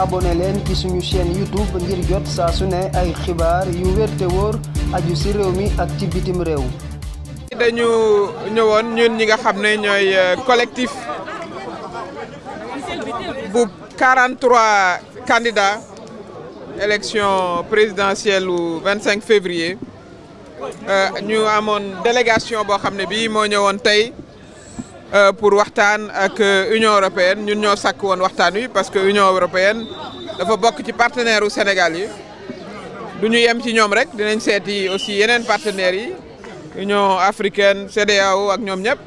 abonné leen ci suñu chaîne YouTube ngir jot saa su ne ay xibaar yu wér te wóor aju ci réew mi ak ci bitim réew. dañu ñëwoon ñun ñi nga xam ne ñooy euh, collectif bu 43 candidats élection présidentielle u 25 février euh, ñu amoon délégation boo xam ne bii moo ñëwoon tey. Euh, pour waxtaan ak euh, Union européenne ñun ñoo sàkk woon waxtaan wi parce que Union européenne dafa bokk ci partenaire u Sénégal yi du ñu yem ci ñoom rek dinañ seeti aussi yeneen partenaires yi Union africaine CEDEAO ak ñoom ñëpp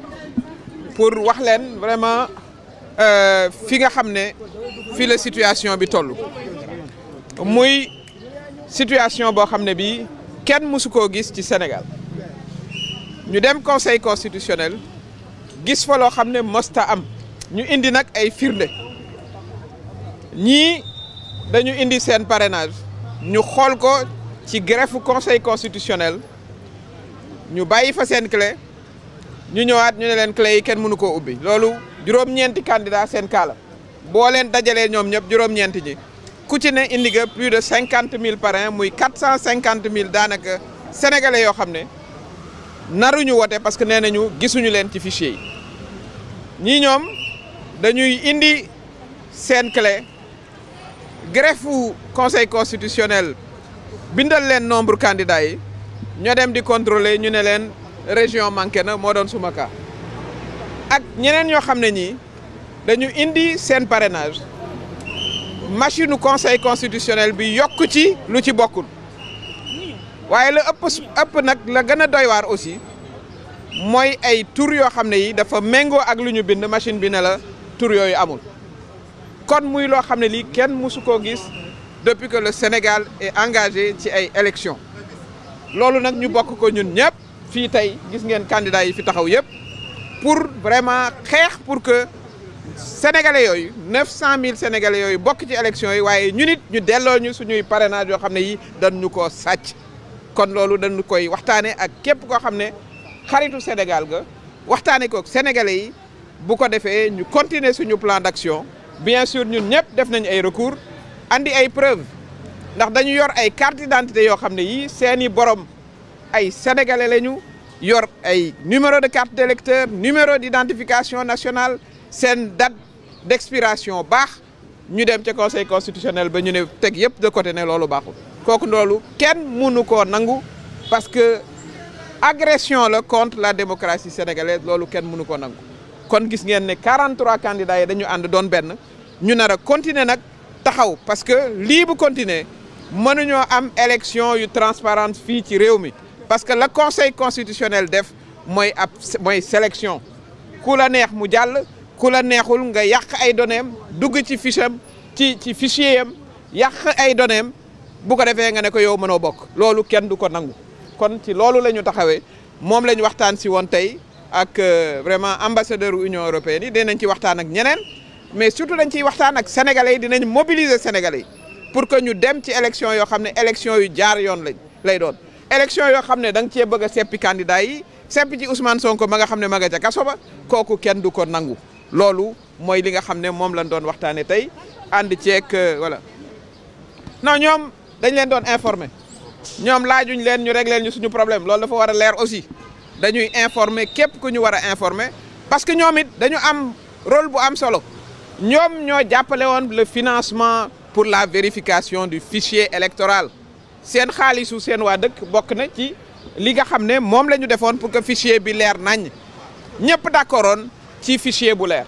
pour wax leen vraiment euh, fi nga xam ne fi la situation bi toll muy situation boo xam ne bii kenn mësu koo gis ci Sénégal ñu dem conseil constitutionnel gis fa loo xam ne mosta am ñu indi nag ay firnde ñii dañu indi seen parenage ñu xool ko ci greffe conseil constitutionnel ñu bàyyi fa seen clé ñu ñëwaat ñu ne leen clé yi kenn mënu koo ubbi loolu juróom-ñeenti candidat seen kaala boo leen dajalee ñoom ñëpp juróom-ñeenti ji ku ci ne indi nga plus de cinquante mille parrain muy quatre cent cinquante mille daanaka sénégalais yoo xam ne naruñu wote parce que nee nañu gisuñu leen ci fichier ñii ñoom dañuy indi seen clé greffe conseil constitutionnel bindal leen nombre candidat ñoo dem di contrôler ñu ne leen région manqué na moo doon sumaka ak ñeneen ñoo xam ne ñii dañuy indi seen parrainage machine u conseil constitutionnel bi yokk ci lu ci bokkul waaye la ëpp nag la gën a doy aussi mooy ay tur yoo xam ne yi dafa méngoo ak lu ñu bind machine bi ne la tur yooyu amul kon muy loo xam ne lii kenn mësu koo gis depuis que le Sénégal est engagé ci ay élections loolu nag ñu bokk ko ñun ñëpp fi tey gis ngeen candidats yi fi taxaw yëpp pour vraiment xeex pour que sénégalais yooyu 900000 sénégalais yooyu bokk ci élections yi waaye ñun it ñu delloo ñu suñuy parrainage yoo xam ne yi dañ ko sàcc kon loolu dañu koy waxtaanee ak képp koo xam ne. xaritu Sénégal ga waxtaanee ko sénégalais yi bu ko defee ñu continuer suñu plan d'action bien sûr ñun ñëpp def nañu ay recours andi ay preuves ndax dañu yor ay carte d'identité yoo xam ne yii seeni borom ay sénégalais lañu yor ay numéro de carte d'électeur numéro d'identification nationale seen date d'expiration baax ñu dem ce conseil constitutionnel ba ñu ne teg yëpp de côté ne loolu baaxul kooku loolu kenn mënu koo nangu parce que agression la contre la démocratie sénégalaise loolu kenn mënu ko nangu kon gis ngeen ne 43 candidats yi dañu ànd doon benn ñu nar a continuer nag taxaw parce que lii bu continuer mënuñoo am élection yu transparente fii ci réew mi parce que le conseil constitutionnel def mooy ab mooy sélection ku la neex mu jàll ku la neexul nga yàq ay données dugg ci fiche ci ci fichier am yàq ay données bu ko defee nga ne ko yow mënoo bokk loolu kenn du ko nangu. kon ci loolu la ñu taxawee moom la ñu waxtaan si woon tey ak euh, vraiment ambassadeur Union européenne yi dinañ ci waxtaan ak ñeneen mais surtout dañ ciy waxtaan ak sénégalais yi dinañ mobiliser sénégalais yi pour que ñu dem ci élection yoo xam ne élection yu jaar yoon lañ lay doon. élection yoo xam ne da nga cee bëgg a seppi candidat yi seppi ci Ousmane Sonko ma nga xam ne maga nga ca kaso ba kooku kenn du ko nangu loolu mooy li nga xam ne moom lañ doon waxtaanee tey ànd ceeg euh, voilà non ñoom dañ leen doon informer. ñoom laajuñ leen ñu régler ñu suñu problème loolu dafa war a leer aussi dañuy informer képp ku ñu war a informer parce que ñoom it dañu am rôle bu am solo ñoom ñoo jàppale woon le financement pour la vérification du fichier électoral seen xaalisu seen waa dëkk bokk na ci li nga xam ne moom la ñu defoon pour que ficier bi leer nañ ñëpp d'accordoon ci fichier bu leer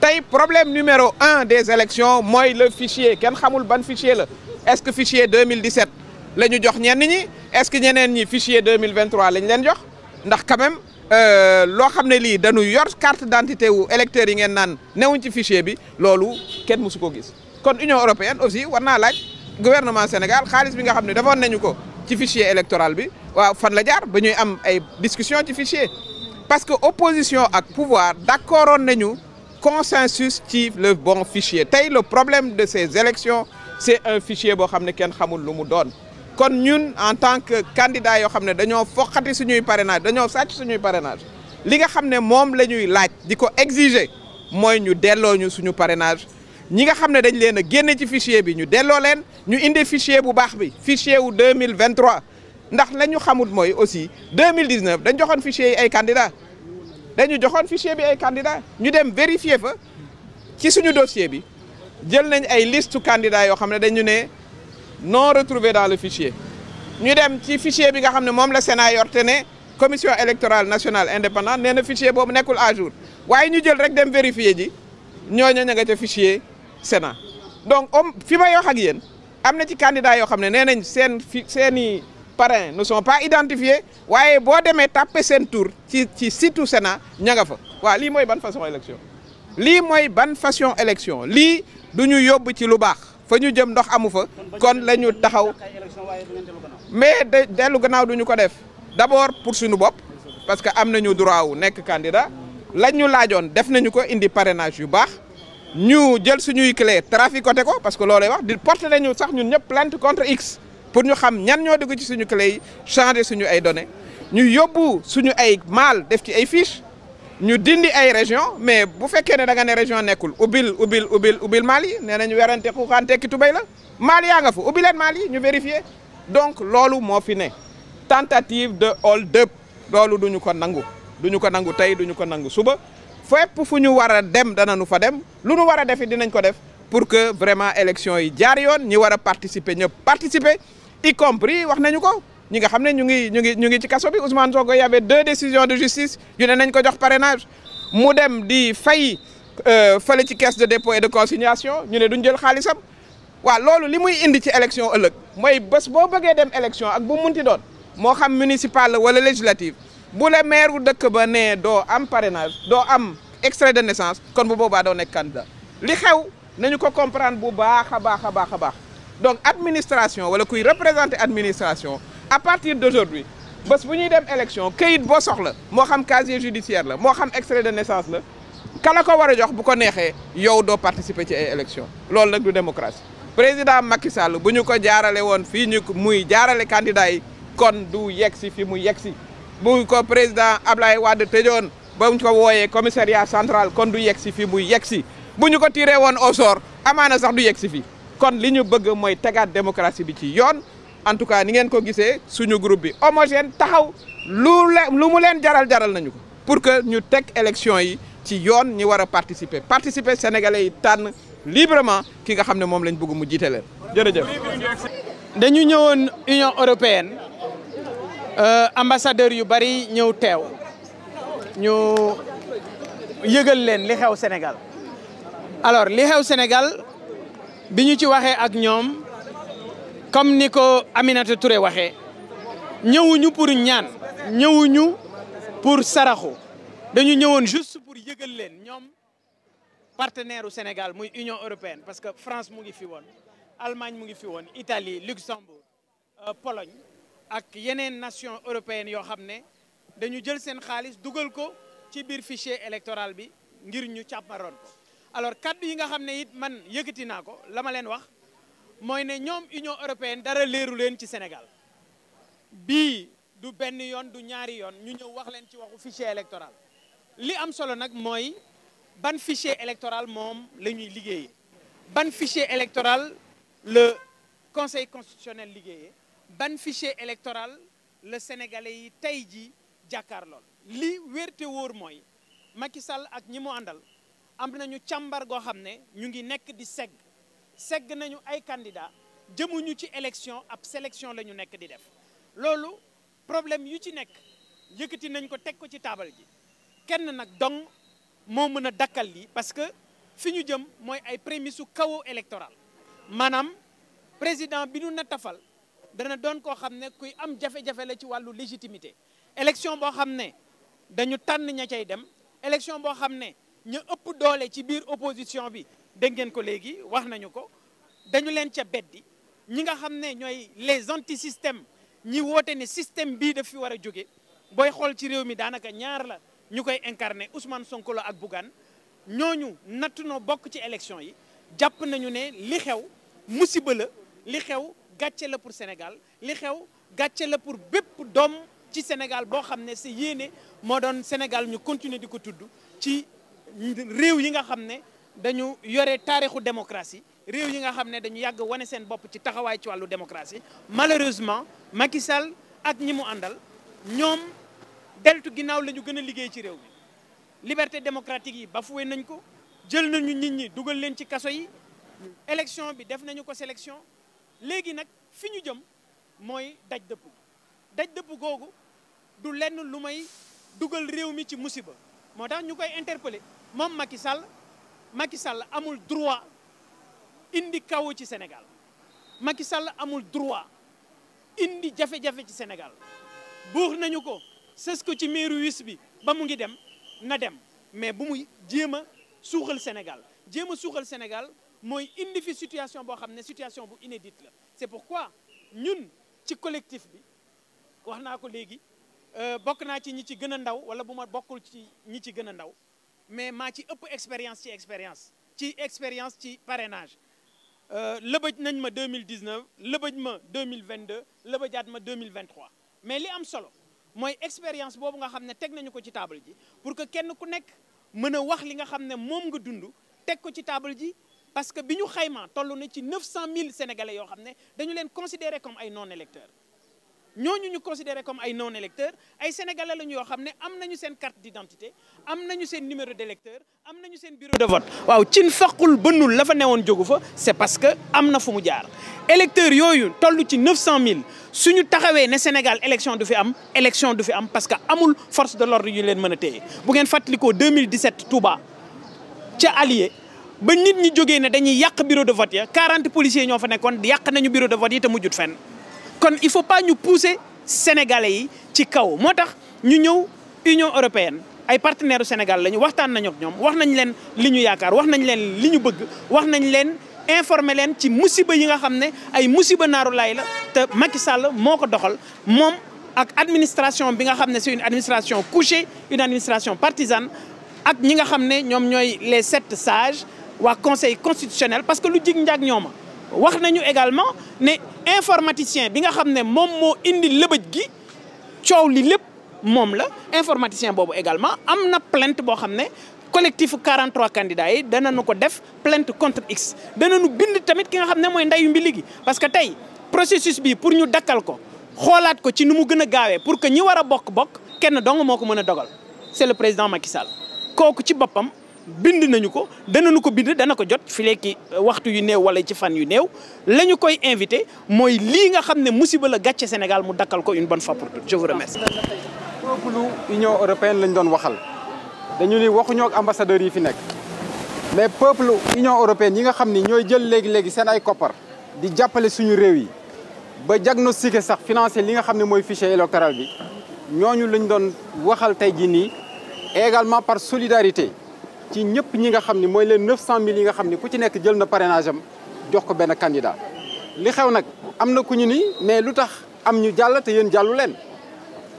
tey problème numéro un des élections mooy le fichier kenn xamul ban fichier la est-ce que fichier 2017 la ñu jox ñenn ñi est-ce que ñeneen ñi fichier 2023 lañ leen jox ndax quand même euh, loo xam ne lii dañu yor carte d'identité wu électeurs yi ngeen naan newuñ ci fichier bi loolu kenn mësu ko gis kon Union européenne aussi war naa laaj gouvernement Sénégal xaalis bi nga xam ne defoon nañu ko ci fichier électoral bi waaw fan la jaar ba ñuy am ay discussion ci fichier parce que opposition ak pouvoir d'accordoon ñu consensus ci le bon fichier tey le problème de ces élections c'est un fichier boo xam ne kenn xamul lu mu doon kon ñun en tant que candidat yoo xam ne dañoo foqati suñuy parrainage dañoo sàcc suñuy parrainage li nga xam ne moom la ñuy laaj di ko exiger mooy ñu delloo suñu parrainage ñi nga xam ne dañ leen a génne ci fichier bi ñu delloo leen ñu indi fichier bu baax bi fichier wu 2023 ndax lañu xamut mooy aussi 2019 dañ joxoon fichier yi ay candidat dañu joxoon fichier bi ay candidat ñu dem vérifier fa ci suñu dossier bi jël nañ ay liste candidats yoo xam ne dañu ne non retrouvés dans le fichier ñu dem ci fichier bi nga xam ne moom la sena yor te ne commission électorale nationale indépendant nee na fichier boobu nekkul à waaye ñu jël rek dem vérifier ji ñooñu ña nga ca fichier Sénat donc om fi may wax ak yéen am na ci candidat yoo xam ne nee nañ seen fi seen i parrains ne pas identifiés waaye boo demee tàppe seen tour ci ci site Sénat ña fa waaw lii mooy ban façon élection lii mooy ban façon élection lii du ñu yóbbu ci lu baax. fa ñu jëm ndox amu fa kon la ñu taxaw mais de dellu gannaaw duñu ko def d'abord pour suñu bopp parce que am nañu droit wu nekk candidat lañ ñu laajoon def nañu ko indi parrainage yu baax ñu jël suñuy clé traficoté ko parce que loolay wax di porté nañu sax ñun ñëpp plainte contre X pour ñu xam ñan ñoo dugg ci suñu clé yi changer suñu ay données ñu yóbbu suñu ay maal def ci ay fiche ñu dindi ay région mais bu fekkee ne da nga ne région nekkul ubbil ubbil ubbil ubbil Mali nee nañu werante xuuxaan tekki tubéy la Mali yaa nga fa ubbi ñu vérifier donc loolu moo fi ne tentative de hold up loolu duñu ko nangu duñu ko nangu tey duñu ko nangu suba fépp fu ñu war a dem nu fa dem lu nu war a defi dinañ ko def pour que vraiment élection yi jaar yoon ñi war a participer ñëpp participer y compris wax nañu ko ñi nga xam ne ñu ngi ñu ñu ngi ci kaso bi Ousmane Sonko y avait deux décisions de justice yu ne nañ ko jox parrainage mu dem di fay euh, fële ci caisse de dépôt et de consignation ñu ne duñ jël xaalisam waa loolu li muy indi ci élection ëllëg mooy bés boo bëggee dem élection ak bu munti doon moo xam municipal wala législative bu la maire dëkk ba ne doo am parrainage doo am extrait de naissance kon bu boobaa doo nekk candidat li xew nañu ko comprendre bu baax a baax a baax a baax donc administration wala kuy représenter administration à partir d'aujourd'hui bés bu ñuy dem élection këyit boo soxla moo xam casier judiciaire la moo xam extrait de naissance la kala ko war a jox bu ko neexee yow doo participer ci ay élection loolu nag du démocratie président Macky Sall bu ñu ko jaarale woon fii ñu muy jaarale candidat yi kon du yegg si fi mu yegg si bu ko président Ablaye Wade tëjoon ba ñu ko wooyee commissariat centrale kon du yegg si fi mu yegg si bu ñu ko tiiree woon au sort amaana sax du yegg si fii kon li ñu bëgg mooy tegaat démocratie bi ci yoon en tout cas ni ngeen ko gisee suñu groupe bi homogène taxaw lu le lu leen jaral jaral nañu ko pour que ñu teg élection yi ci yoon ñi war a participer participer sénégalais yi tànn librement ki nga xam ne moom lañ bëgg mu jiite jërëjëf. dañu ñëwoon Union européenne euh, ambassadeur yu bari ñëw teew ñu yëgal leen li xew Sénégal alors li Sénégal bi ñu ci waxee ak ñoom. comme ni ko Aminata Touré waxee ñëwuñu pour ñaan ñëwuñu pour saraxu dañu ñëwoon juste pour yëgal leen ñoom partenaire Sénégal muy Union européenne parce que France mu ngi fi woon Allemagne mu ngi fi woon Italie Luxembourg euh, Pologne ak yeneen nation européenne yoo xam ne dañu jël seen xaalis dugal ko ci biir fichier électoral bi ngir ñu càpparoon ko alors kaddu yi nga xam ne it man yëkkati naa ko la ma leen wax mooy ne ñoom Union européenne dara leeru leen ci Sénégal bii du benn yoon du ñaari yoon ñu ñëw wax leen ci waxu fichier électoral li am solo nag mooy ban fichier électoral moom la ñuy liggéeyee ban fichier électoral le conseil constitutionnel ban fichier électoral le sénégalais yi tey ji jàkkaar lool li wérte wóor mooy Macky Sall ak ñi mu àndal am nañu càmbar goo xam ne ñu ngi nekk di segg segg nañu ay candidat jëmuñu ci élection ab sélection la ñu nekk di def loolu problème yu ci nekk yëkkati nañ ko teg ko ci taabal ji kenn nag dong moo mën a dakkal lii parce que fi ñu jëm mooy ay prémices su chaos électoral maanaam président bi ñu na tafal dana doon koo xam ne kuy am jafe-jafe la ci wàllu légitimité élection boo xam ne dañu tànn ña cay dem élection boo xam ne ñu ëpp doole ci biir opposition bi dégg ngeen ko léegi wax nañu ko dañu leen ca beddi ñi nga xam ne ñooy les systèmes ñi woote ne système bii daf fi war a jóge booy xool ci réew mi daanaka ñaar la ñu koy incarné Ousmane Sonko ak ak Bougane ñooñu nattu noo bokk ci élection yi jàpp nañu ne li xew musiba la li xew gàcce la pour Sénégal li xew gàcce la pour bépp doom ci Sénégal boo xam ne si yéene moo doon Sénégal ñu continuer di ko tudd ci réew yi nga xam ne dañu yore taarixu démocratie réew yi nga xam ne dañu yàgg wane seen bopp ci taxawaay ci wàllu démocratie malheureusement Macky Sall ak ñi mu àndal ñoom deltu ginnaaw la ñu gën a liggéey ci réew mi liberté démocratique yi bafoué nañ ko jël nañu nit ñi dugal leen ci kaso yi élection bi def nañu ko sélection léegi nag fi ñu jëm mooy daj dëpp daj dëpp googu du lenn lu may dugal réew mi ci musiba moo tax ñu koy interpeller moom Macky Sall Macky Sall amul droit indi kaw ci Sénégal Macky Sall amul droit indi jafe-jafe ci Sénégal buux nañu ko sës ko ci meeru wis bi ba mu ngi dem na dem mais bu muy jéem a suuxal Sénégal jéem a suuxal Sénégal mooy indi fi situation boo xam ne situation bu inédite la c'est pourquoi ñun ci collectif bi wax naa ko léegi euh, bokk naa ci ñi ci gën a ndaw wala bu ma bokkul ci ñi ci gën a ndaw mais maa ci ëpp expérience ci expérience ci expérience ci parrainage euh, lëbëj nañ ma 2019 lëbëj ma 2022 lëbëjaat ma 2023 mais li am solo mooy expérience boobu nga xam ne teg nañu ko ci table ji pour que kenn ku nekk mën a wax li nga xam ne moom nga dund teg ko ci table ji parce que bi ñu xayma toll na ci 900000 sénégalais yoo xam ne dañu leen considéré comme ay non électeurs ñooñu ñu considéré comme ay non électeurs ay sénégalais lañu yoo xam ne am nañu seen carte d'identité am nañu seen numéro d'électeur am nañu seen bureau de vote waaw cin faqul bënnul la fa newoon jógu fa c'est parce que am na fu mu jaar électeurs yooyu toll ci 900000 suñu taxawee ne Sénégal élection du fi am élection du fi am parce que amul force de l'ordre yu leen mën a téye bu ngeen fàttalikoo 2017 Touba ca Allié ba nit ñi jógee ne dañuy yàq bureau de vote ya 40 policiers ñoo fa nekkoon yàq nañu bureau de vote yi te mujjut kon il faut pas ñu pousser sénégalais yi ci kaw moo tax ñu ñëw union européenne ay partenaires Sénégal lañu waxtaan nañu ñoom wax nañ leen li ñu yaakaar wax nañ leen li ñu bëgg wax nañ leen informer leen ci musiba yi nga xam ne ay musiba naaru laay la te Macky Sall moo ko doxal moom ak administration bi nga xam ne c'est une administration couchée une administration partisane ak ñi nga xam ne ñoom ñooy les sept sages waa conseil constitutionnel parce que lu jig njaag ñooma wax nañu également informaticien bi nga xam ne moom moo indi lëbëj gi coow li lépp moom la informaticien boobu également am na plainte boo xam ne collectif 43 candidats yi danañu ko def plainte contre x danañu bind tamit ki nga xam ne mooy ndeyu mbili gi parce que tey processus bi pour ñu dakkal ko xoolaat ko ci nu mu gën a gaawee pour que ñi war a bokk-bokk kenn dong moo ko mën a dogal c'est le président Macky Sall kooku ci boppam bind nañu ko danañu ko bind dana ko jot fi léegi waxtu yu néew wala ci fan yu néew lañu koy invité mooy lii nga xam ne musiba la gàcce Sénégal mu dakkal ko une bonne fois pour toutes je Union européenne lañ doon waxal dañu ni waxuñoo ak ambassadeurs yi fi nekk mais peuple Union européenne yi nga xam ni ñooy jël léegi léegi seen ay koppar di jàppale suñu réew yi ba diagnostiqué sax financé li nga xam ne mooy fichier électoral bi ñooñu lañ doon waxal tey jii nii également par solidarité. ci ñëpp ñi nga xam ni mooy leen 900000 yi nga xam ni ku ci nekk jël na parrainage am jox ko benn candidat. li xew nag am na ku ñu ni mais lu tax am ñu jàll te yéen jàllu leen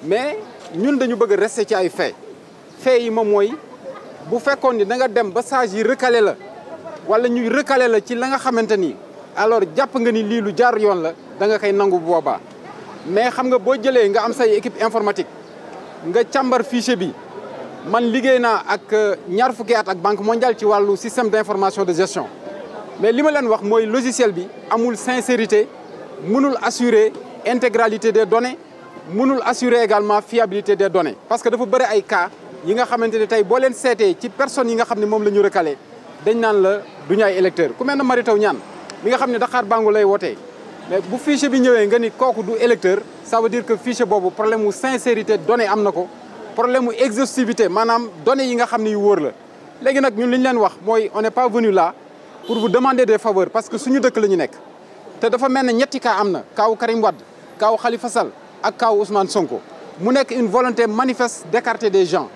mais ñun dañu bëgg a rester ci ay fait fait yi moom mooy bu fekkoon ni da nga dem ba sages yi recalé la wala ñuy recalé la ci la nga xamante ni alors jàpp nga ni lii lu jaar yoon la danga nga koy nangu boobaa mais xam nga boo jëlee nga am say équipe informatique nga càmbar fichier bi. man liggéey naa ak euh, ñaar fukki at ak banque mondiale ci wàllu système d'information de gestion mais li ma leen wax mooy logiciel bi amul sincérité mënul assurer intégralité des données munul assurer également fiabilité des données parce que dafa bëri ay cas yi nga xamante ne tey boo leen seetee ci personnes yi nga xam ne moom la ñu recalé dañ naan la du ñu ay électeurs ku mel ne Mary Teuw Niane mi nga xam ne Dakar Bangu lay wootee mais bu fichier bi ñëwee nga ni kooku du électeur ça veut que fichier boobu problème mu sincérité données am na ko problème mu exhaustivité maanaam données yi nga xam ne yu wóor la léegi nag ñun li ñu leen wax mooy on n'est pas venu là pour bu demander des faveurs parce que suñu dëkk la ñu nekk te dafa mel ne ñetti cas am na kaaw Karim Wade kaaw Khalifa Sall ak kaaw Ousmane Sonko mu nekk une volonté manifeste d'écarter des gens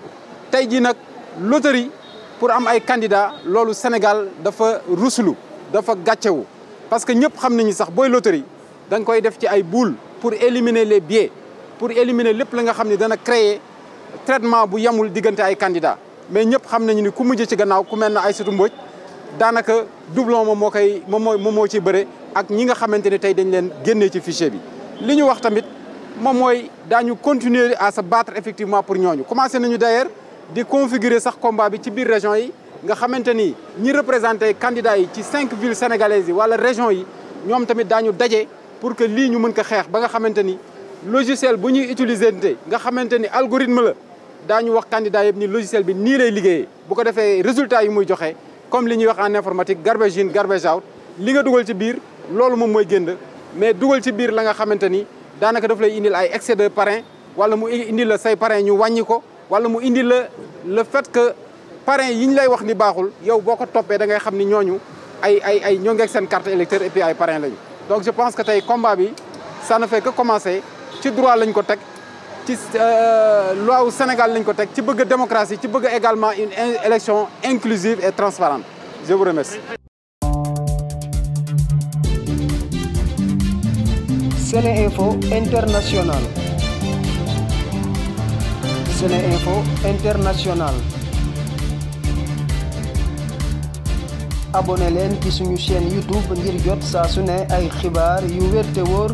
tey jii nag loterie pour am ay candidats loolu Sénégal dafa ruslu dafa gàccewu parce que ñëpp xam nañu sax booy loterie da nga koy def ci ay boules pour éliminer les biais pour éliminer lépp la nga xam ne dana créer traitement bu yemul diggante ay candidats mais ñëpp xam nañu ni ku mujj ci gannaaw ku mel ne Aïssatou Mbodj daanaka doublon moom moo koy moom moo moom moo ciy bëre ak ñi nga xamante ne tey dañ leen génnee ci fichier bi. li ñu wax tamit moom mooy ñu continuer à sa battre effectivement pour ñooñu commencé nañu d'ailleurs di configurer sax combat bi ci biir région yi nga xamante ni ñi représenté candidats yi ci cinq ville sénégalaises yi wala région yi ñoom tamit daañu daje pour que lii ñu mën ko xeex ba nga xamante ni. logiciel bu ñuy utiliser nte nga xamante ni algorithme la daañu wax candidat yëpp ni logiciel bi nii lay liggéeyee bu ko defee résultat yi muy joxe comme li ñuy wax en informatique garbage in garbage out li nga dugal ci biir loolu moom mooy génn mais dugal ci biir la nga xamante ni daanaka daf lay indil ay excès de parrain wala mu indil la say parrain ñu wàññi ko wala mu indil la le fait que parrain yi ñu lay wax ni baaxul yow boo ko toppee da ngay xam ni ñooñu ay ay ay ñoo ngeeg seen carte électeur et puis ay parrain lañu donc je pense que tey combat bi ça ne fait ci droit lañ ko teg ci euh, loi wu Sénégal lañ ko teg ci bëgg démocratie ci bëgg également une élection inclusive et transparente je vous remercie. SeneInfo International. International. abonné leen ci suñu chaîne YouTube ngir jot saa su ay xibaar yu wér wóor